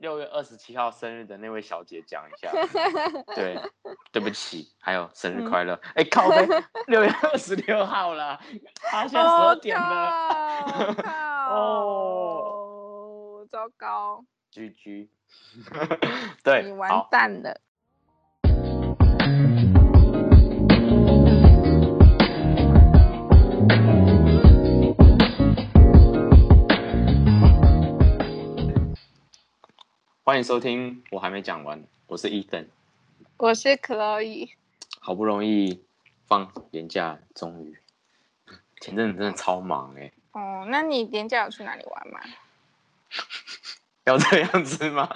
六月二十七號生日的那位小姐講一下， 對，對不起，還有生日快樂。哎、嗯欸，靠，六月二十六號了，發、 啊、現十二點了，oh、God, 哦，糟糕，居居 GG， 對，你完蛋了。歡迎收聽，我還沒講完。我是伊登，我是 Chloe。好不容易放年假中午，終於前陣子真的超忙哎、欸。哦，那你年假有去哪裡玩嗎？ 要這樣子嗎？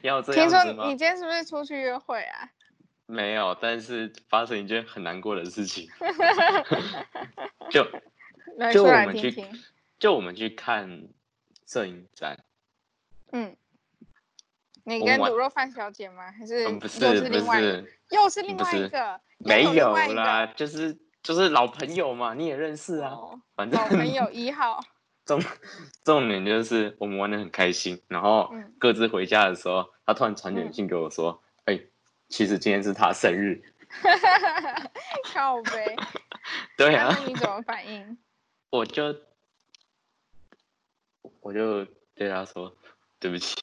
要這樣子嗎？聽說你今天是不是出去約會啊？沒有，但是發生一件很難過的事情。 就 來聽聽就我們去就我們去看攝影展。嗯。你跟滷肉范小姐嗎？還是不是另外。又是另外一個？沒有啦，就是就是老朋友嘛，你也認識啊。反正老朋友一號。重重點就是我們玩得很開心，然後各自回家的時候，他突然傳簡訊給我說：“哎，其實今天是他生日。”靠唄。對啊。那你怎麼反應？我就我就對他說：“對不起。”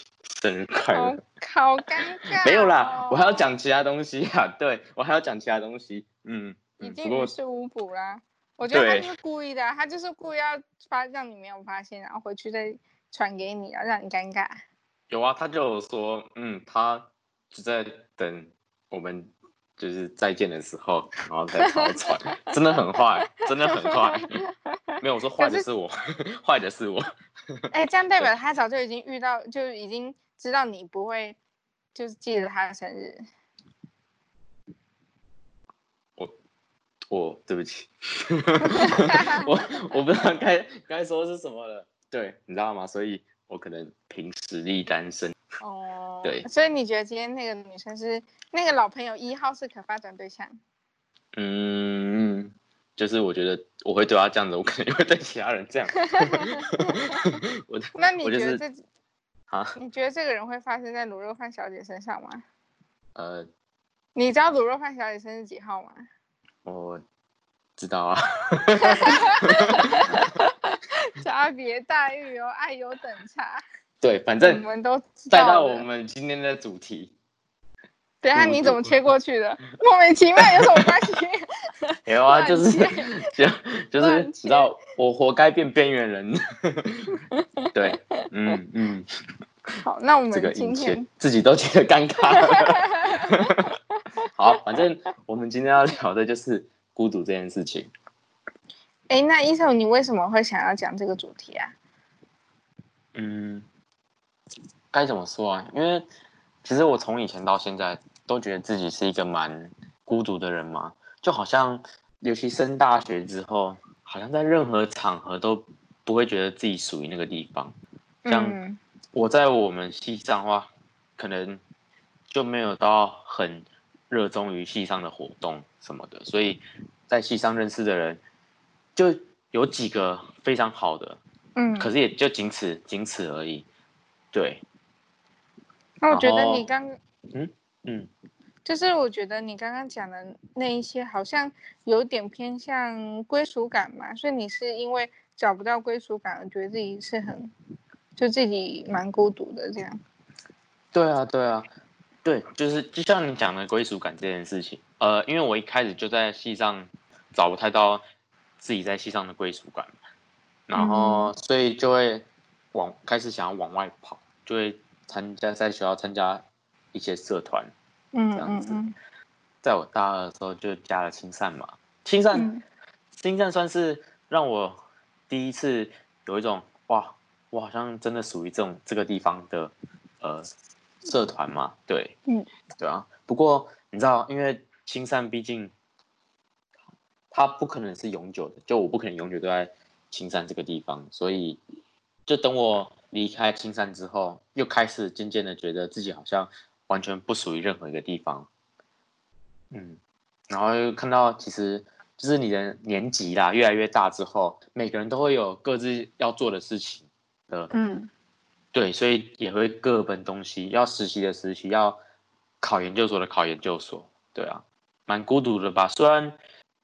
生日快樂，好尷尬哦。 沒有啦，我還要講其他東西啊，對，我還要講其他東西，嗯，嗯不已經是無師無補啦。我覺得他就是故意的，對他就是故意要發，讓你沒有發現，然後回去再傳給你啊，讓你尷尬。有啊，他就說，嗯，他就在等我們。就是再見的時候，然後再超喘 真的很壞，真的很壞，真的很壞。沒有，我說壞的是我，壞是 的是我。哎、 欸，這樣代表他早就已經遇到，對就已經知道你不會，就是記得他的生日。我，我對不起， 我我不知道該該說是什麼了。對，你知道嗎？所以我可能憑實力單身。哦、嗯。對，所以你覺得今天那個女生是那個老朋友一號是可發展對象？嗯，就是我覺得我會對她這樣子，我肯定會對其他人這樣。 我 那你覺得自己、就是、啊？你覺得這個人會發生在滷肉飯小姐身上嗎？呃，你知道滷肉飯小姐生日幾號嗎？我知道啊 差別待遇哦，愛有等差。對，反正我們都知道。帶到我們今天的主題。等下你怎麼切過去的？ 莫名其妙，有什麼關係？沒有啊，就是就 就是 知道我活該變邊緣人。 對，嗯嗯。好，那我們這個今天自己都覺得尷尬。 好、啊，反正我們今天要聊的就是孤獨這件事情。哎、欸，那醫生，你為什麼會想要講這個主題啊？嗯。該怎麼說啊？因為其實我從以前到現在都覺得自己是一個蠻孤獨的人嘛，就好像尤其升大學之後，好像在任何場合都不會覺得自己屬於那個地方。像我在我們系上的話，嗯、可能就沒有到很熱衷於系上的活動什麼的，所以在系上認識的人就有幾個非常好的，嗯，可是也就僅此僅此而已。對，那我覺得你剛，嗯嗯，嗯，就是我覺得你剛剛講的那一些好像有點偏向歸屬感嘛，所以你是因為找不到歸屬感而覺得自己是很，就自己蠻孤獨的這樣。對啊對啊，對，就是就像你講的歸屬感這件事情，呃，因為我一開始就在系上找不太到自己在系上的歸屬感嘛，然後所以就會。往開始想要往外跑，就會參加在學校參加一些社團，嗯，嗯，嗯，這樣子。在我大二的時候就加了青善嘛，青善，青善，嗯，青善算是讓我第一次有一種哇，我好像真的屬於這種這個地方的呃社團嘛，對，嗯，對啊。不過你知道，因為青善畢竟它不可能是永久的，就我不可能永久都在青善這個地方，所以。就等我離開青山之後，又開始漸漸的覺得自己好像完全不屬於任何一個地方。嗯，然後又看到，其實就是你的年紀啦，越來越大之後，每個人都會有各自要做的事情的。嗯，對，所以也會各奔東西，要實習的實習，要考研究所的考研究所。對啊，蠻孤獨的吧？雖然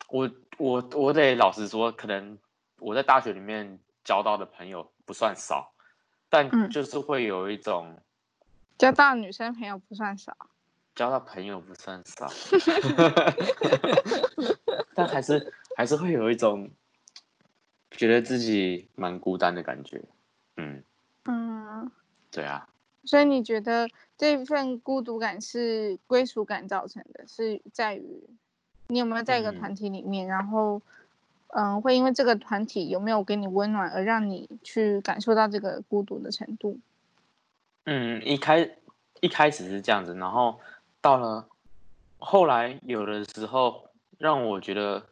我我我得老實說，可能我在大學裡面。交到的朋友不算少，但就是會有一種、嗯、交到女生朋友不算少，交到朋友不算少， 但還是還是會有一種覺得自己蠻孤單的感覺。嗯嗯，對啊。所以你覺得這份孤獨感是歸屬感造成的，是在於你有沒有在一個團體裡面，嗯、然後？嗯，會因為這個團體有沒有給你溫暖而讓你去感受到這個孤獨的程度。嗯，一開一開始是這樣子，然後到了後來有的時候讓我覺得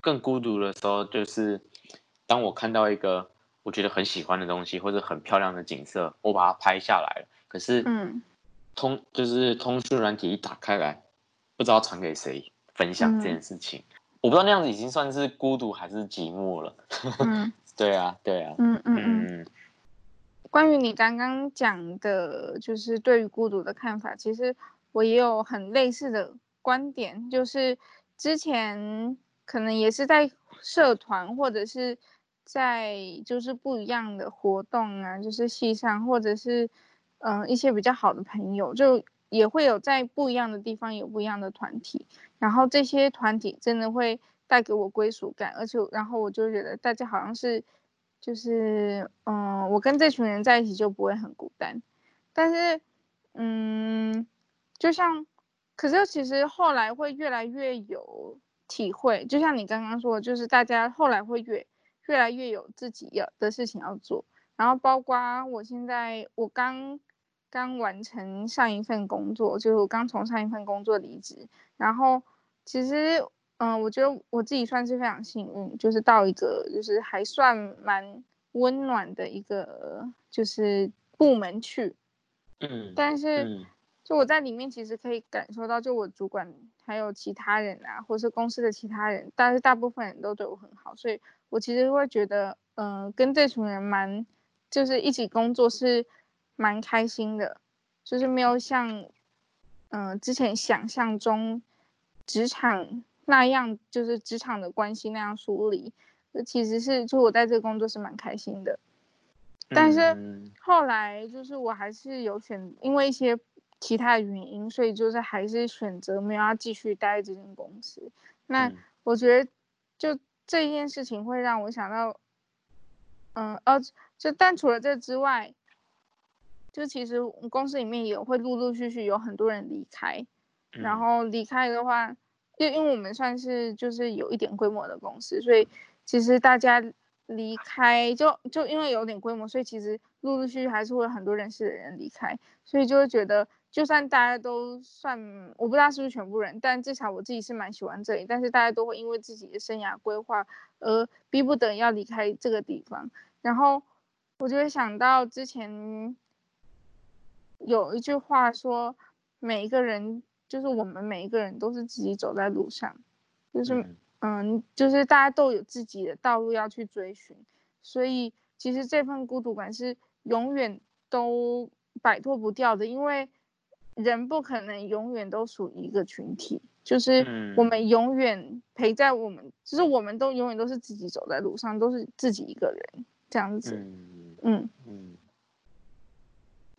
更孤獨的時候，就是當我看到一個我覺得很喜歡的東西或者很漂亮的景色，我把它拍下來，可是嗯，通就是通訊軟體一打開來，不知道傳給誰分享這件事情。嗯我不知道那樣子已經算是孤獨還是寂寞了。嗯，對啊，對啊。嗯嗯嗯。關於你剛剛講的，就是對於孤獨的看法，其實我也有很類似的觀點。就是之前可能也是在社團，或者是在就是不一樣的活動啊，就是系上，或者是嗯、呃、一些比較好的朋友就。也會有在不一樣的地方有不一樣的團體，然後這些團體真的會帶給我歸屬感，而且然後我就覺得大家好像是，就是嗯，我跟這群人在一起就不會很孤單，但是嗯，就像，可是其實後來會越來越有體會，就像你剛剛說，就是大家後來會越越來越有自己的事情要做，然後包括我現在我剛。剛完成上一份工作，就是我剛從上一份工作離職，然後其實，嗯、呃，我覺得我自己算是非常幸運，就是到一個就是還算蠻溫暖的一個就是部門去，嗯，但是，就我在裡面其實可以感受到，就我主管還有其他人啊，或是公司的其他人，但是大部分人都對我很好，所以我其實會覺得，嗯、呃，跟這群人蠻，就是一起工作是。蠻開心的，就是沒有像，嗯、呃，之前想象中職場那樣，就是職場的關係那樣疏離。那其實是，就我在這個工作是蠻開心的。但是後來就是我還是有選，因為一些其他的原因，所以就是還是選擇沒有要繼續待在這間公司。那我覺得就這一件事情會讓我想到，嗯、呃，呃，就但除了這之外。就其實公司裡面也會陸陸續續有很多人離開，嗯、然後離開的話，因因為我們算是就是有一點規模的公司，所以其實大家離開就就因為有點規模，所以其實陸陸續續還是會有很多認識的人離開，所以就會覺得，就算大家都算，我不知道是不是全部人，但至少我自己是蠻喜歡這裡，但是大家都會因為自己的生涯規劃而逼不得要離開這個地方，然後我就會想到之前。有一句話說，每一個人就是我們每一個人都是自己走在路上，就是嗯，嗯，就是大家都有自己的道路要去追尋，所以其實這份孤獨感是永遠都擺脫不掉的，因為人不可能永遠都屬於一個群體，就是我們永遠陪在我們，嗯，就是我們都永遠都是自己走在路上，都是自己一個人這樣子，嗯。嗯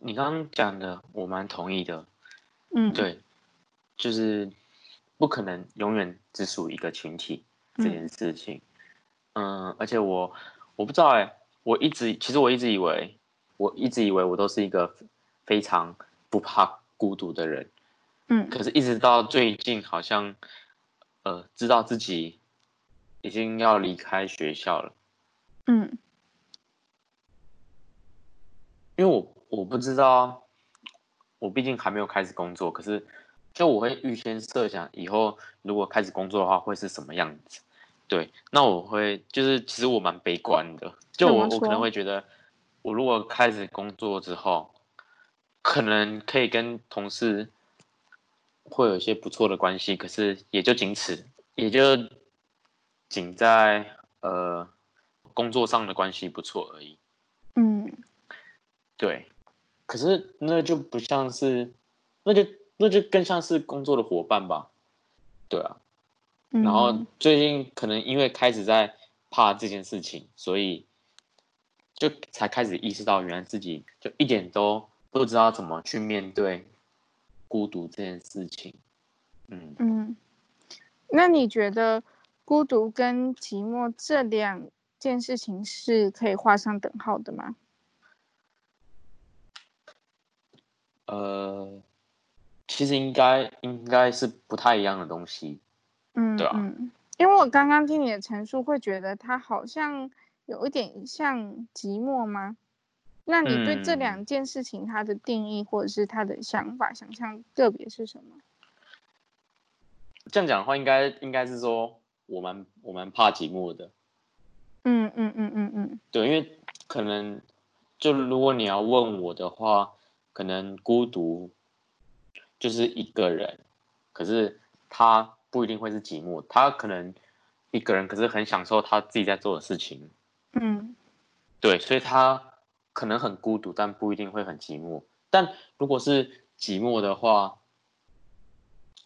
你剛剛講的，我蠻同意的，嗯，對，就是不可能永遠只屬於一個群體這件事情，嗯、呃，而且我我不知道哎、欸，我一直其實我一直以為，我一直以為我都是一個非常不怕孤獨的人，嗯，可是一直到最近好像，呃，知道自己已經要離開學校了，嗯。因為我我不知道，我畢竟還沒有開始工作。可是，就我會預先設想，以後如果開始工作的話，會是什麼樣子？對，那我會就是，其實我蠻悲觀的。就我，我可能會覺得，我如果開始工作之後，可能可以跟同事會有一些不錯的關係，可是也就僅此，也就僅在呃工作上的關係不錯而已。嗯。對，可是那就不像是，那就那就更像是工作的夥伴吧，對啊，然後最近可能因為開始在怕這件事情，嗯、所以就才開始意識到，原來自己就一點都不知道怎麼去面對孤獨這件事情。嗯嗯，那你覺得孤獨跟寂寞這兩件事情是可以畫上等號的嗎？呃，其實應該應該是不太一樣的東西，嗯，對啊、啊嗯？因為我剛剛聽你的陳述，會覺得他好像有一點像寂寞嗎？那你對這兩件事情，他的定義或者是他的想法，嗯、想象個別是什麼？這樣講的話，應該應該是說，我蠻我蠻怕寂寞的。嗯嗯嗯嗯嗯，嗯嗯嗯對，因為可能就如果你要問我的話。可能孤獨就是一個人，可是他不一定會是寂寞，他可能一個人，可是很享受他自己在做的事情。嗯，對，所以他可能很孤獨，但不一定會很寂寞。但如果是寂寞的話，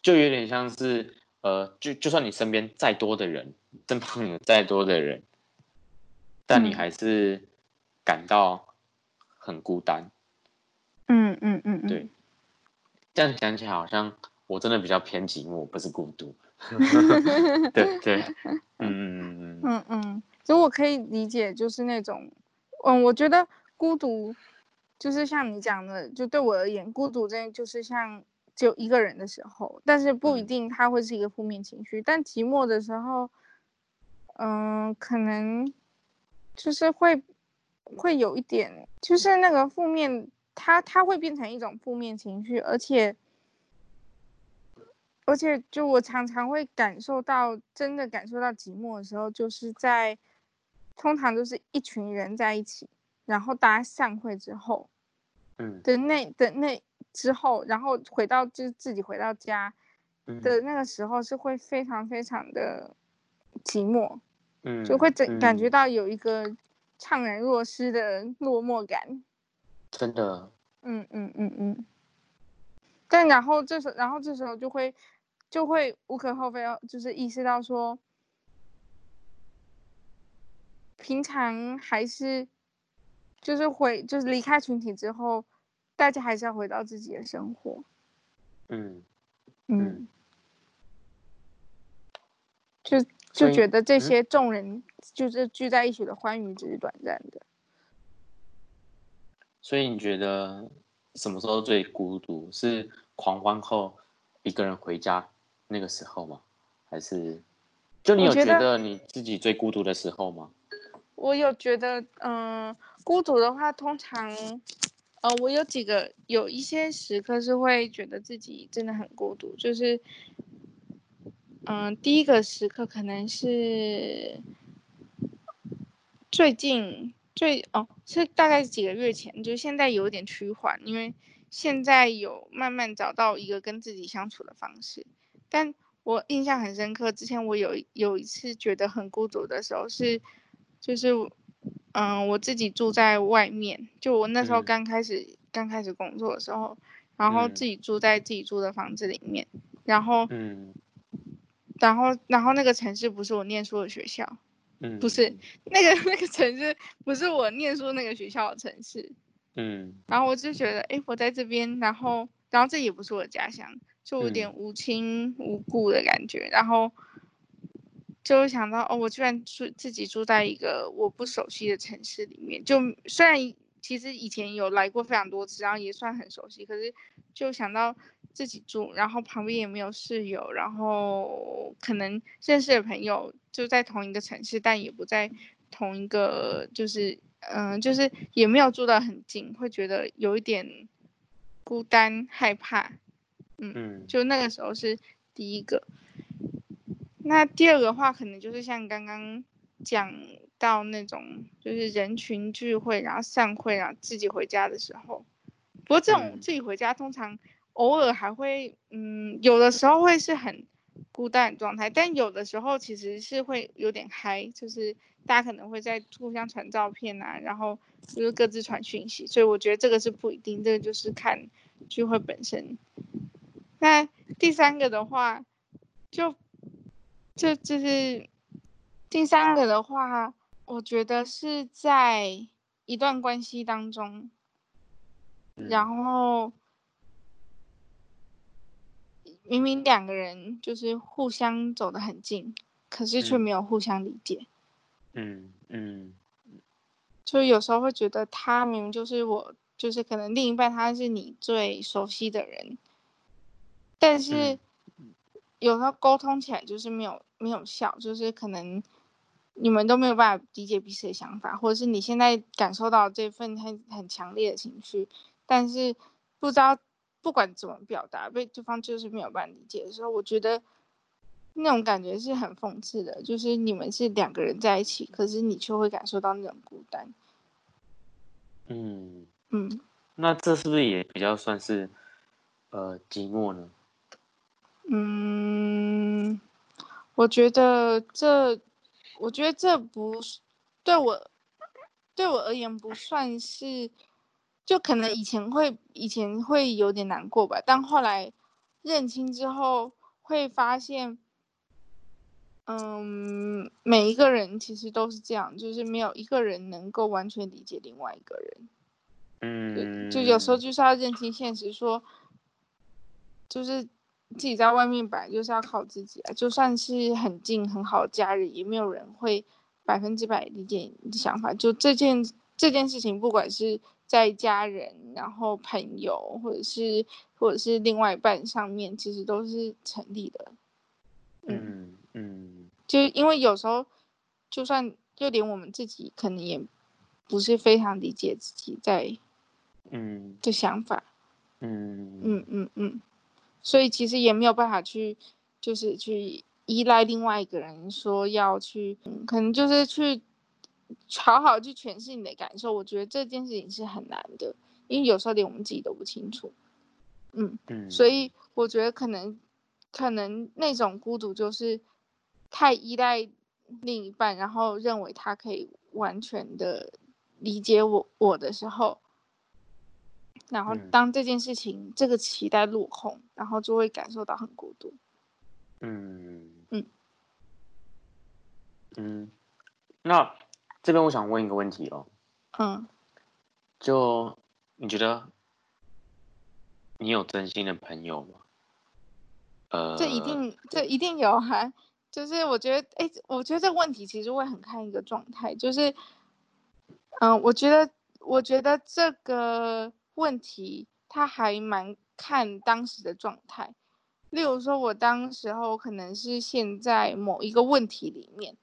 就有點像是呃，就就算你身邊再多的人，身旁有再多的人，但你還是感到很孤單。嗯。嗯嗯嗯嗯，嗯嗯對，這樣講起來好像我真的比較偏寂寞，我不是孤獨。 對對，嗯嗯嗯嗯嗯嗯，其、嗯、實我可以理解，就是那種，嗯，我覺得孤獨就是像你講的，就對我而言，孤獨真的就是像只有一個人的時候，但是不一定他會是一個負面情緒。嗯、但寂寞的時候，嗯、呃，可能就是會會有一點，就是那個負面。它它會變成一種負面情緒，而且，而且，就我常常會感受到，真的感受到寂寞的時候，就是在，通常都是一群人在一起，然後大家散會之後，嗯，的那的那之後，然後回到就是自己回到家，的那個時候是會非常非常的寂寞，嗯，就會整感覺到有一個悵然若失的落寞感。真的，嗯嗯嗯嗯，但然後這時候，然後這時候就會，就會無可厚非哦，就是意識到說，平常還是，就是回，就是離開群體之後，大家還是要回到自己的生活。嗯，嗯，嗯就就覺得這些眾人就是聚在一起的歡愉，只是短暫的。所以你覺得什麼時候最孤獨？是狂歡後一個人回家那個時候嗎？還是就你有覺得你自己最孤獨的時候嗎？我，我有覺得，嗯、呃，孤獨的話，通常，呃，我有幾個有一些時刻是會覺得自己真的很孤獨，就是，嗯、呃，第一個時刻可能是最近。對，哦，是大概幾個月前，就現在有點趨緩，因為現在有慢慢找到一個跟自己相處的方式。但我印象很深刻，之前我有有一次覺得很孤獨的時候是，就是，嗯、呃，我自己住在外面，就我那時候剛開始、嗯、剛開始工作的時候，然後自己住在自己租的房子裡面，然後，嗯，然後然後那個城市不是我念書的學校。嗯，不是那個那個城市，不是我念書那個學校的城市。嗯，然後我就覺得，誒、欸，我在這邊，然後，然後這也不是我的家鄉，就有點無親無故的感覺。嗯、然後，就想到，哦，我居然住自己住在一個我不熟悉的城市裡面。就雖然其實以前有來過非常多次，然後也算很熟悉，可是就想到。自己住，然後旁邊也沒有室友，然後可能認識的朋友就在同一個城市，但也不在同一個，就是嗯、呃，就是也沒有住到很近，會覺得有一點孤單害怕，嗯，就那個時候是第一個。嗯、那第二個話可能就是像剛剛講到那種，就是人群聚會，然後散會，然後自己回家的時候。不過這種自己回家、嗯、通常。偶爾還會，嗯，有的時候會是很孤單的狀態，但有的時候其實是會有點嗨，就是大家可能會在互相傳照片啊，然後就是各自傳訊息，所以我覺得這個是不一定，這個就是看聚會本身。那第三個的話，就就就是第三個的話，我覺得是在一段關係當中，然後。明明兩個人就是互相走得很近，可是卻沒有互相理解。嗯嗯，嗯嗯，就有時候會覺得他明明就是我，就是可能另一半他是你最熟悉的人，但是有時候溝通起來就是沒有沒有效，就是可能你們都沒有辦法理解彼此的想法，或者是你現在感受到這份很很強烈的情緒，但是不知道。不管怎麼表達，被對方就是沒有辦法理解的時候，我覺得那種感覺是很諷刺的。就是你們是兩個人在一起，可是你卻會感受到那種孤單。嗯嗯，嗯那這是不是也比較算是呃寂寞呢？嗯，我覺得這，我覺得這不對我對我而言不算是。就可能以前會，以前會有點難過吧，但後來認清之後，會發現，嗯，每一個人其實都是這樣，就是沒有一個人能夠完全理解另外一個人。嗯就，就有時候就是要認清現實，說，就是自己在外面擺，就是要靠自己啊。就算是很近很好的家人，也沒有人會百分之百理解你的想法。就這件。這件事情，不管是在家人、然後朋友，或者是或者是另外一半上面，其實都是成立的。嗯嗯，嗯就因為有時候，就算就連我們自己，可能也不是非常理解自己在，嗯的想法。嗯嗯嗯嗯，所以其實也沒有辦法去，就是去依賴另外一個人說要去，嗯、可能就是去。好好去詮釋你的感受，我覺得這件事情是很難的，因為有時候連我們自己都不清楚。嗯，嗯，所以我覺得可能，可能那種孤獨就是太依賴另一半，然後認為他可以完全的理解我我的時候，然後當這件事情，嗯，這個期待落空，然後就會感受到很孤獨。嗯嗯嗯，那。這邊我想問一個問題哦，嗯，就你覺得你有真心的朋友嗎？呃，這一定這一定有哈、啊,就是我覺得，哎，我覺得這個問題其實會很看一個狀態，就是，嗯、呃，我覺得我覺得這個問題它還蠻看當時的狀態，例如說我當時候可能是陷在某一個問題裡面。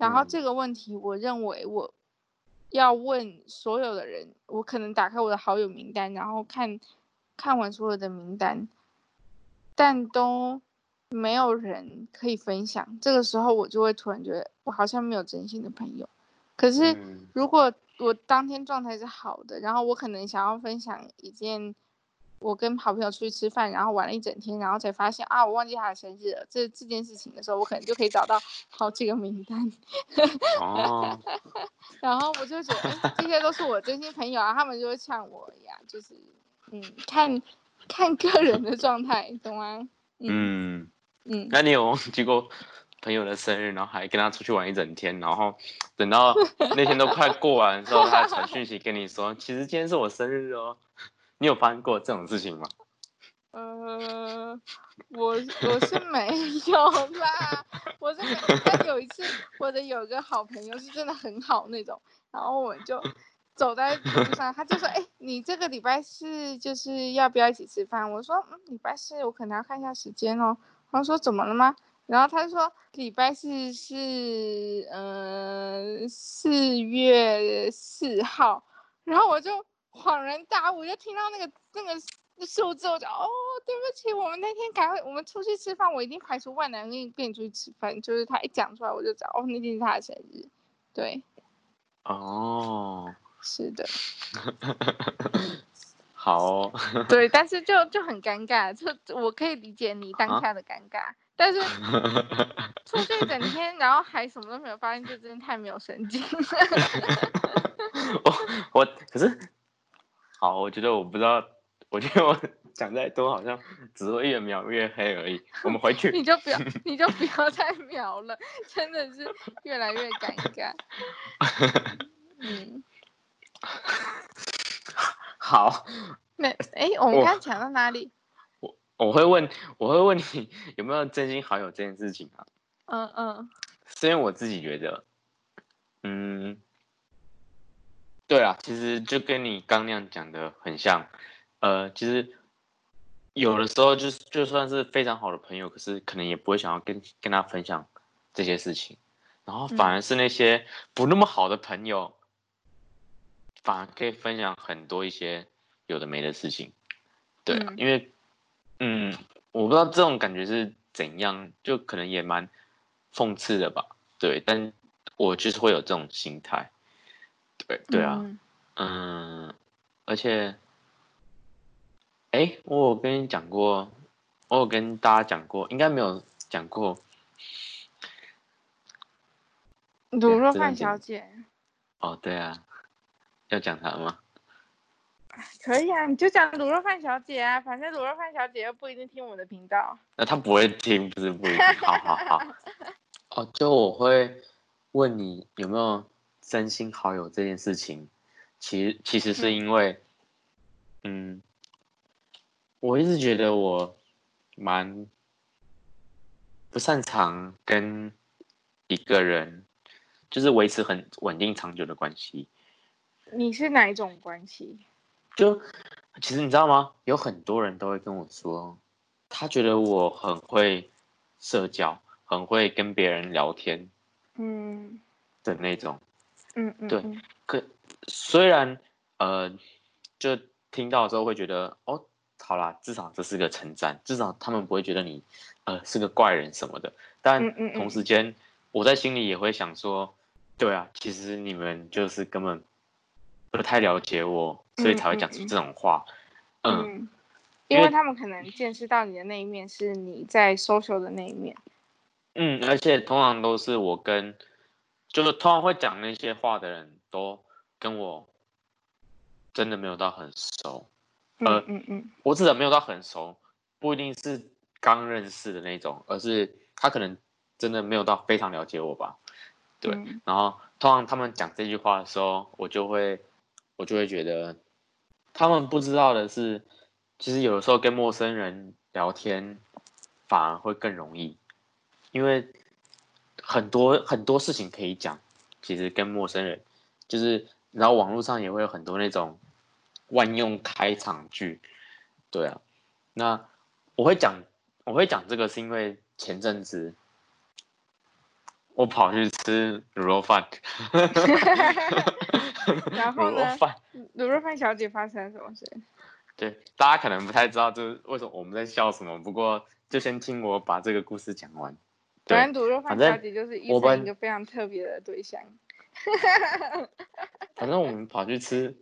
然後這個問題，我認為我要問所有的人，我可能打開我的好友名單，然後看看完所有的名單，但都沒有人可以分享。這個時候，我就會突然覺得，我好像沒有真心的朋友。可是，如果我當天狀態是好的，然後我可能想要分享一件。我跟好朋友出去吃飯，然後玩了一整天，然後才發現啊，我忘記他的生日了。這這件事情的時候，我可能就可以找到好幾個名單。哦。 Oh. 然後我就覺得這些都是我真心朋友啊， 他們就會像我一樣，就是嗯，看看個人的狀態， 懂嗎？嗯嗯。嗯，那你有忘記過朋友的生日，然後還跟他出去玩一整天，然後等到那天都快過完的時候， 他傳訊息跟你說， 其實今天是我生日哦。你有發生過這種事情嗎？呃，我是我是沒有啦。 我是有一次，我的有個好朋友是真的很好那種，然後我就走在路上，他就說：“哎、欸，你這個禮拜四就是要不要一起吃飯？”我說：“嗯，禮拜四我可能要看一下時間哦。”然後說：“怎麼了嗎？”然後他就說：“禮拜四是嗯，呃，四月四號。”然後我就。恍然大悟，我就聽到那個那個數字，我就哦，對不起，我們那天趕快我們出去吃飯，我一定排除萬難跟你跟你出去吃飯。就是他一講出來，我就知道哦，那天是他的生日，對。哦。Oh. 是的。 好、哦。 對，但是就就很尷尬，就我可以理解你當下的尷尬，Huh? 但是 出去一整天，然後還什麼都沒有發現，就真的太沒有神經了。我 我、oh. 可是。好，我覺得我不知道，我覺得我講再多好像只會越描越黑而已。我們回去 你就不要，你就不要再描了，真的是越來越尷尬。 嗯，好。那哎、欸，我們剛剛講到哪裡？我我，我會問，我會問你有沒有真心好友這件事情啊？嗯嗯。雖然我自己覺得，嗯。對啊，其實就跟你剛那樣講的很像，呃，其實有的時候就是就算是非常好的朋友，可是可能也不會想要跟跟他分享這些事情，然後反而是那些不那麼好的朋友，嗯、反而可以分享很多一些有的沒的事情。對啊，嗯、因為嗯，我不知道這種感覺是怎樣，就可能也蠻諷刺的吧。對，但我就是會有這種心態。對，對啊，嗯，而且，哎、欸，我有跟你講過，我有跟大家講過，應該沒有講過滷肉飯小姐、欸。哦，對啊，要講他嗎？可以啊，你就講滷肉飯小姐啊，反正滷肉飯小姐又不一定聽我的頻道。那、啊、他不會聽，不是不一定？ 好好好，哦，就我會問你有沒有。真心好友這件事情，其實其實是因為，嗯，嗯，我一直覺得我蠻不擅長跟一個人，就是維持很穩定長久的關係。你是哪一種關係？就，其實你知道嗎？有很多人都會跟我說，他覺得我很會社交，很會跟別人聊天，嗯的那種。嗯嗯，嗯嗯，對，可雖然呃，就聽到的時候會覺得，哦，好啦，至少這是個稱讚，至少他們不會覺得你呃是個怪人什麼的。但同時間，我在心裡也會想說，嗯嗯嗯對啊，其實你們就是根本不太了解我，所以才會講出這種話。嗯，嗯，嗯，嗯因，為因為他們可能見識到你的那一面，是你在 social 的那一面。嗯，而且通常都是我跟。就是通常會講那些話的人都跟我真的沒有到很熟，嗯嗯嗯，我指的沒有到很熟，不一定是剛認識的那種，而是他可能真的沒有到非常了解我吧，對。然後通常他們講這句話的時候，我就會我就會覺得，他們不知道的是，其實有的時候跟陌生人聊天反而會更容易，因為。很多很多事情可以講，其實跟陌生人，就是，然後網絡上也會有很多那種萬用開場句，對啊，那我會講我會講這個是因為前陣子我跑去吃滷肉飯， 然後滷肉飯呢，滷肉飯小姐發生了什麼事？對，大家可能不太知道，就是為什麼我們在笑什麼，不過就先聽我把這個故事講完。反正我們一個非常特別的對象。反正我們跑去吃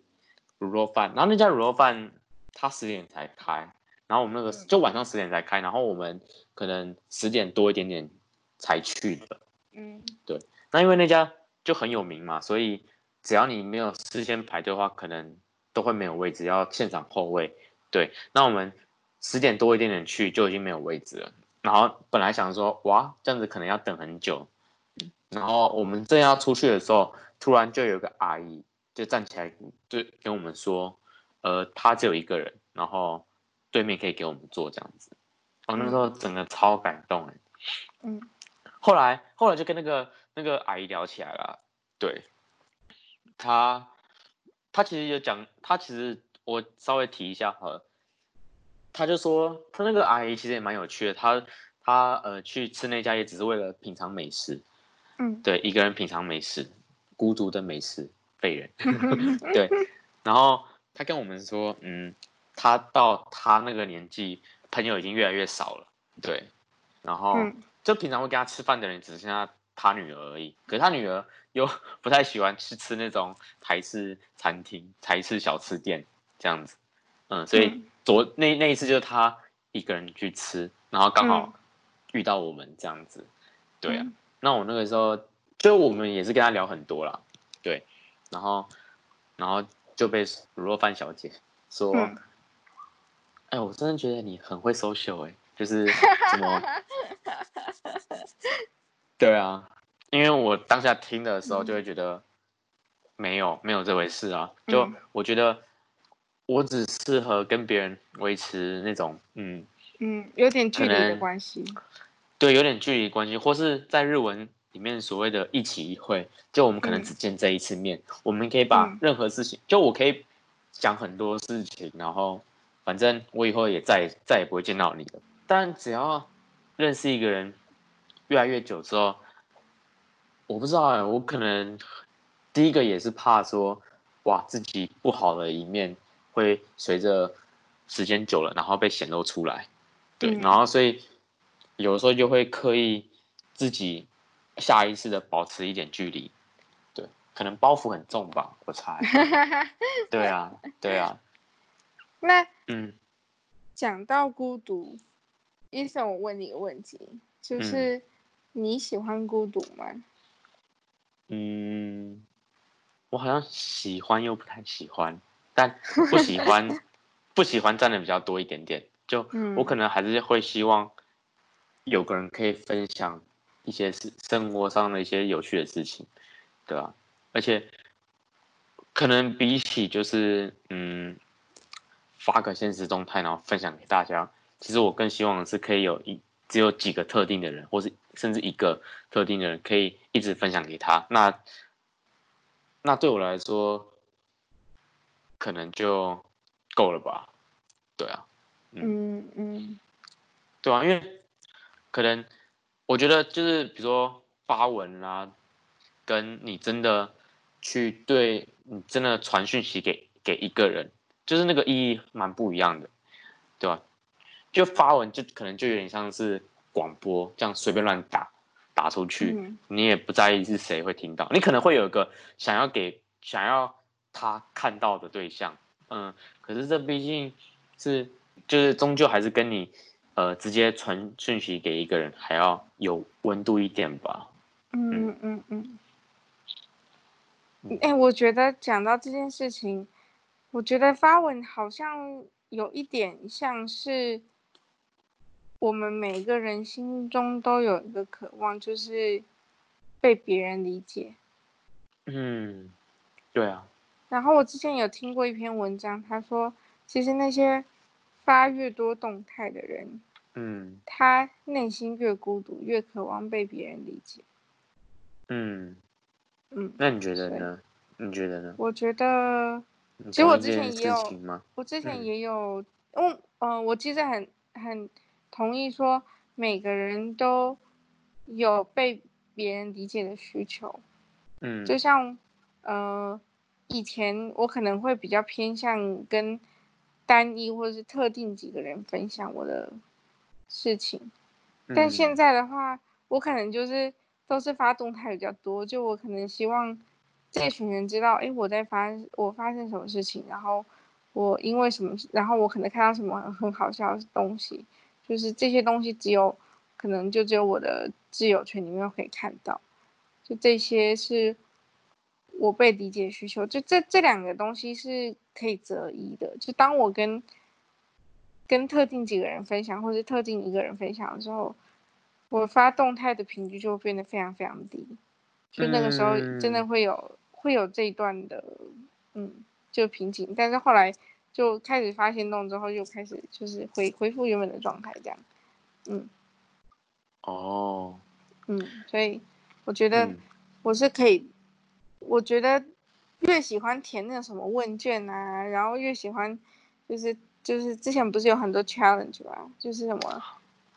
滷肉飯，然後那家滷肉飯他十點才開，然後我們那個、嗯、就晚上十點才開，然後我們可能十點多一點點才去的。嗯，對。那因為那家就很有名嘛，所以只要你沒有事先排隊的話，可能都會沒有位置，要現場候位。對，那我們十點多一點點去就已經沒有位置了。然後本來想說，哇，這樣子可能要等很久。然後我們正要出去的時候，突然就有個阿姨就站起來對，對跟我們說，呃，她只有一個人，然後對面可以給我們坐這樣子。我那時候整個超感動誒、欸。嗯。後來後來就跟那個那個阿姨聊起來了，對。她她其實有講，她其實我稍微提一下好了他就說，他那個阿姨其實也蠻有趣的，他他呃去吃那家也只是為了品嘗美食，嗯，對，一個人品嘗美食，孤獨的美食廢人， 對。然後他跟我們說，嗯，他到他那個年紀，朋友已經越來越少了，對。然後、嗯、就平常會跟他吃飯的人只剩下他女兒而已，可是他女兒又不太喜歡去吃那種台式餐廳、台式小吃店這樣子，嗯，所以。嗯我那那一次就是他一個人去吃，然後剛好遇到我們這樣子，嗯、對啊。嗯、那我那個時候就我們也是跟他聊很多了，對。然後然後就被如肉飯小姐說：“嗯、哎，我真的覺得你很會 social，哎，就是怎麼？” 對啊，因為我當下聽的時候就會覺得、嗯、沒有沒有這回事啊，就、嗯、我覺得。我只適合跟別人維持那種，嗯嗯，有點距離的關係，對，有點距離關係，或是在日文裡面所謂的一期一會，就我們可能只見這一次面，嗯、我們可以把任何事情，嗯、就我可以講很多事情，然後反正我以後也再再也不會見到你了。但只要認識一個人越來越久之後，我不知道哎、欸，我可能第一個也是怕說，哇，自己不好的一面。會隨着時間久了，然後被顯露出來，對，嗯、然後所以有時候就會刻意自己下意識的保持一點距離，對，可能包袱很重吧，我猜。對啊， 對啊。對啊，那嗯，講到孤獨，醫生，我問你個問題，就是你喜歡孤獨嗎？嗯，我好像喜歡又不太喜歡。 但不喜歡，不喜歡佔的比較多一點點，就我可能還是會希望有個人可以分享一些生生活上的一些有趣的事情，對吧？而且可能比起就是嗯發個現實動態，然後分享給大家，其實我更希望的是可以有一隻有幾個特定的人，或是甚至一個特定的人可以一直分享給他。那那對我來說。可能就夠了吧，對啊，嗯嗯，對啊，啊、因為可能我覺得就是比如說發文啦、啊，跟你真的去對你真的傳訊息給給一個人，就是那個意義蠻不一樣的，對吧、啊？就發文就可能就有點像是廣播這樣隨便亂打打出去，你也不在意是誰會聽到，你可能會有一個想要給想要。他看到的對象，嗯，可是這畢竟是，就是終究還是跟你，呃，直接傳訊息給一個人還要有溫度一點吧。嗯嗯嗯。哎、嗯嗯欸，我覺得講到這件事情，我覺得發文好像有一點像是，我們每個人心中都有一個渴望，就是被別人理解。嗯，對啊。然後我之前有聽過一篇文章，他說，其實那些發越多動態的人，嗯，他內心越孤獨，越渴望被別人理解。嗯嗯，嗯，那你覺得呢？所以你覺得呢？我覺得，你你其實我之前也有，嗯、我之前也有，嗯嗯、呃，我其實很很同意說，每個人都，有被別人理解的需求。嗯，就像，呃。以前我可能會比較偏向跟單一或者是特定幾個人分享我的事情，嗯、但現在的話，我可能就是都是發動態比較多。就我可能希望這群人知道，哎、嗯，我在發我發生什麼事情，然後我因為什麼，然後我可能看到什麼很好笑的東西，就是這些東西只有可能就只有我的摯友圈裡面可以看到，就這些是。我被理解需求，就這這兩個東西是可以擇一的。就當我跟跟特定幾個人分享，或是特定一個人分享的時候，我發動態的頻率就會變得非常非常低。就那個時候，真的會有、嗯、會有這一段的，嗯，就瓶頸。但是後來就開始發行動之後，又開始就是回恢復原本的狀態，這樣，嗯，哦，嗯，所以我覺得我是可以。嗯我覺得越喜歡填那什麼問卷啊，然後越喜歡，就是就是之前不是有很多 challenge 吧？就是什麼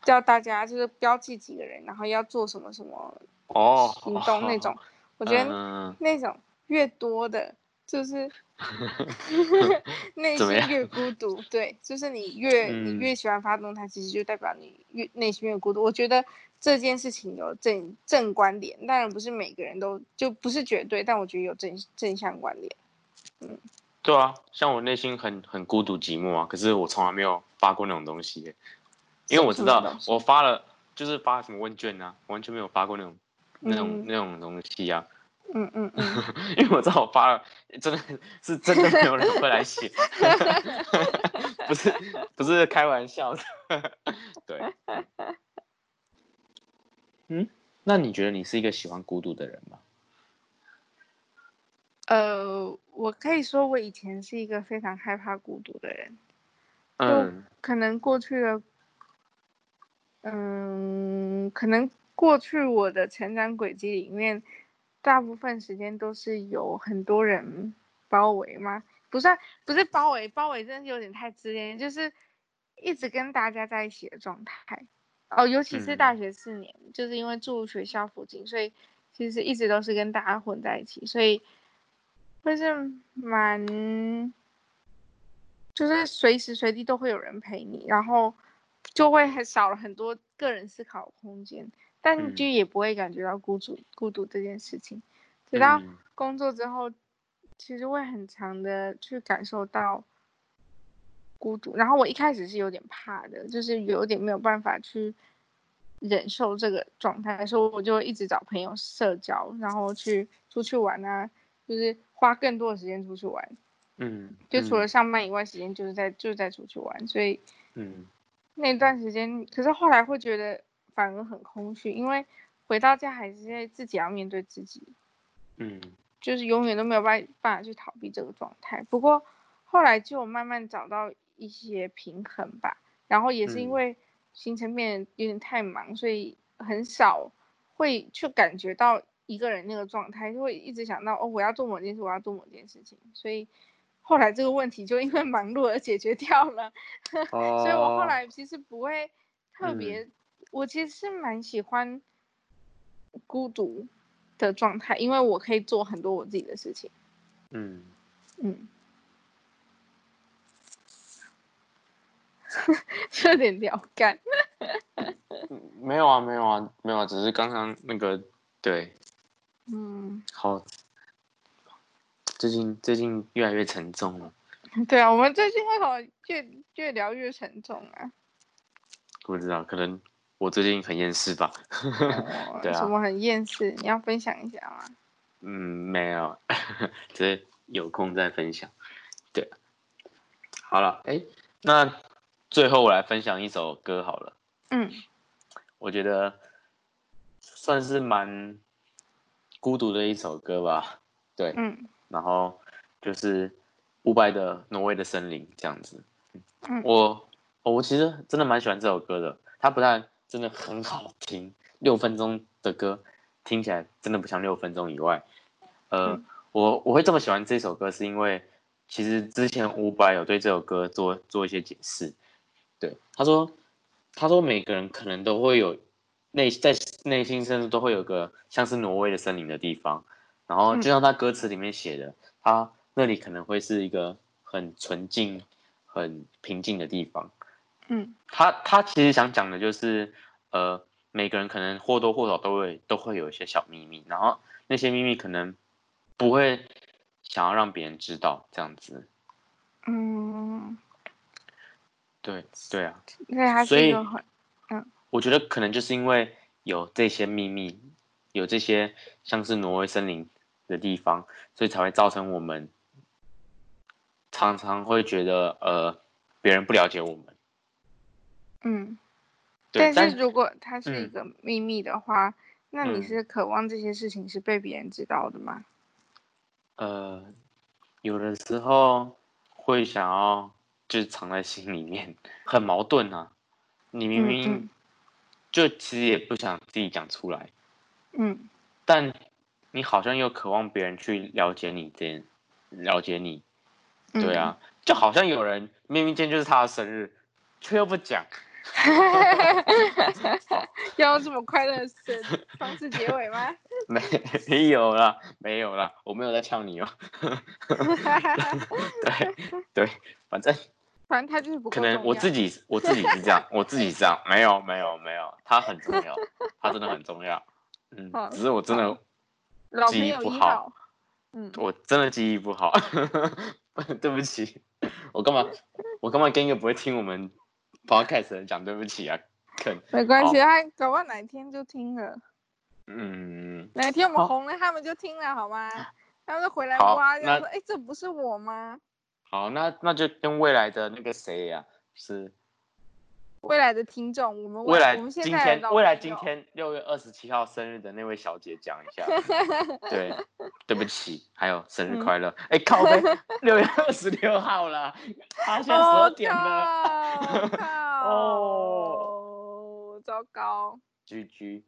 叫大家就是標記幾個人，然後要做什麼什麼哦，行動那種。哦、我覺得那種越多的，就是、嗯、 內心越孤獨。對，就是你越你越喜歡發動態，其實就代表你越內心越孤獨。我覺得。這件事情有正正觀點，當然不是每個人都，就不是絕對，但我覺得有正正向觀點。嗯、對啊，像我內心很很孤獨寂寞啊,可是我從來沒有發過那種東西，因為我知道我發了就是發了什麼問卷啊，完全沒有發過那種、嗯、那種那種東西啊。嗯嗯嗯，因為我知道我發了真的是真的沒有人會來寫， 不是不是開玩笑的， 對。嗯，那你覺得你是一個喜歡孤獨的人嗎？呃，我可以說我以前是一個非常害怕孤獨的人。嗯，就可能過去的，嗯、呃，可能過去我的成長軌跡裡面，大部分時間都是有很多人包圍嗎？不算，不是包圍，包圍真的是有點太自戀，就是一直跟大家在一起的狀態。哦，尤其是大學四年，嗯、就是因為住學校附近，所以其實一直都是跟大家混在一起，所以就是蠻，就是隨時隨地都會有人陪你，然後就會很少了很多個人思考空間，但就也不會感覺到孤獨、嗯、孤獨這件事情。直到工作之後，其實會很常的去感受到，孤獨，然後我一開始是有點怕的，就是有點沒有辦法去忍受這個狀態，所以我就一直找朋友社交，然後去出去玩啊，就是花更多的時間出去玩，嗯，就除了上班以外，嗯、時間就是在就是、在出去玩，所以，嗯，那段時間，可是後來會覺得反而很空虛，因為回到家還是在自己要面對自己，嗯，就是永遠都沒有辦辦法去逃避這個狀態，不過後來就慢慢找到。一些平衡吧，然後也是因為行程變得有點太忙，嗯、所以很少會去感覺到一個人那個狀態，就會一直想到哦，我要做某件事，我要做某件事情，所以後來這個問題就因為忙碌而解決掉了。哦、 所以我後來其實不會特別，嗯、我其實是蠻喜歡孤獨的狀態，因為我可以做很多我自己的事情。嗯嗯。嗯 有點聊乾，沒有啊，沒有啊，沒有啊，只是剛剛那個對，嗯，好，最近最近越來越沉重了。對啊，我們最近會好越越聊越沉重啊？不知道，可能我最近很厭世吧 對、啊哦。什麼很厭世？你要分享一下嗎？嗯，沒有， 只是有空再分享。對，好啦，哎，那。嗯最後我來分享一首歌好了，嗯，我覺得算是蠻孤獨的一首歌吧，對，嗯，然後就是伍佰的《挪威的森林》這樣子，我我其實真的蠻喜歡這首歌的，它不但真的很好聽，六分鐘的歌聽起來真的不像六分鐘以外，呃，我我會這麼喜歡這首歌，是因為其實之前伍佰有對這首歌做做一些解釋。對，他說，他說每個人可能都會有內在內心，甚至都會有個像是挪威的森林的地方，然後就像他歌詞裡面寫的，嗯，他那裡可能會是一個很純淨、很平靜的地方。嗯，他他其實想講的就是，呃，每個人可能或多或少都會都會有一些小祕密，然後那些祕密可能不會想要讓別人知道，這樣子。嗯。對對啊，所以，嗯，我覺得可能就是因為有這些秘密，有這些像是挪威森林的地方，所以才會造成我們常常會覺得呃別人不了解我們。嗯，但是如果它是一個秘密的話，嗯，那你是渴望這些事情是被別人知道的嗎？呃，有的時候會想要。就藏在心裡面，很矛盾啊！你明明就其實也不想自己講出來，嗯，嗯，但你好像又渴望別人去了解你，這了解你，對啊，就好像有人明明今天就是他的生日，卻又不講， 好要用這麼快樂的方式結尾嗎？ 沒有了，沒有了，我沒有在嗆你哦，對對，反正。反正他就是不。可能我自己我自己是這樣，我自己是這樣，沒有沒有沒有，他很重要，他真的很重要，嗯，只是我真的記憶不好，嗯，我真的記憶不好，對不起，我幹嘛我幹嘛跟一個不會聽我們 podcast 的人講對不起啊？沒關係，他搞不好哪天就聽了，嗯，哪天我們紅了，他們就聽了好嗎？他們回來哇就說，哎，這不是我嗎？好、哦，那那就跟未來的那個誰呀，啊，是未來的聽眾，我們未來，我們今天未來今天六月二十七號生日的那位小姐講一下， 對，對不起，還有生日快樂，哎，嗯、靠，六月二十六號了，發現十二點了。哦，糟糕，GG，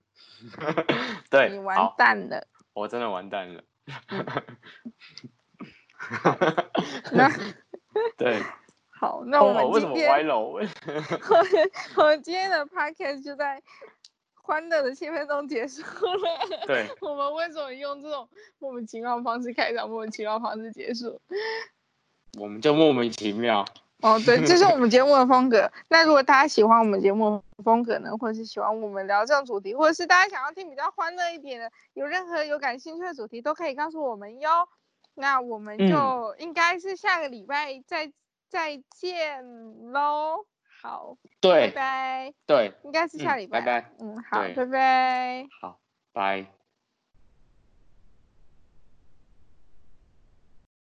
對，你完蛋了，我真的完蛋了。嗯 那對，好，那我們今天，我們今天的 podcast 就在歡樂的氣氛中結束了。對，我們為什麼用這種莫名其妙的方式開場，莫名其妙的方式結束？我們就莫名其妙。 哦，對，這是我們節目的風格。 那如果大家喜歡我們節目的風格呢，或者是喜歡我們聊這種主題，或者是大家想要聽比較歡樂一點的，有任何有感興趣的主題，都可以告訴我們喲。那我們就應該是下個禮拜再見，嗯、再見嘍，好，對，拜拜，對，應該是下禮拜，拜，嗯，好，拜拜，好，拜，拜。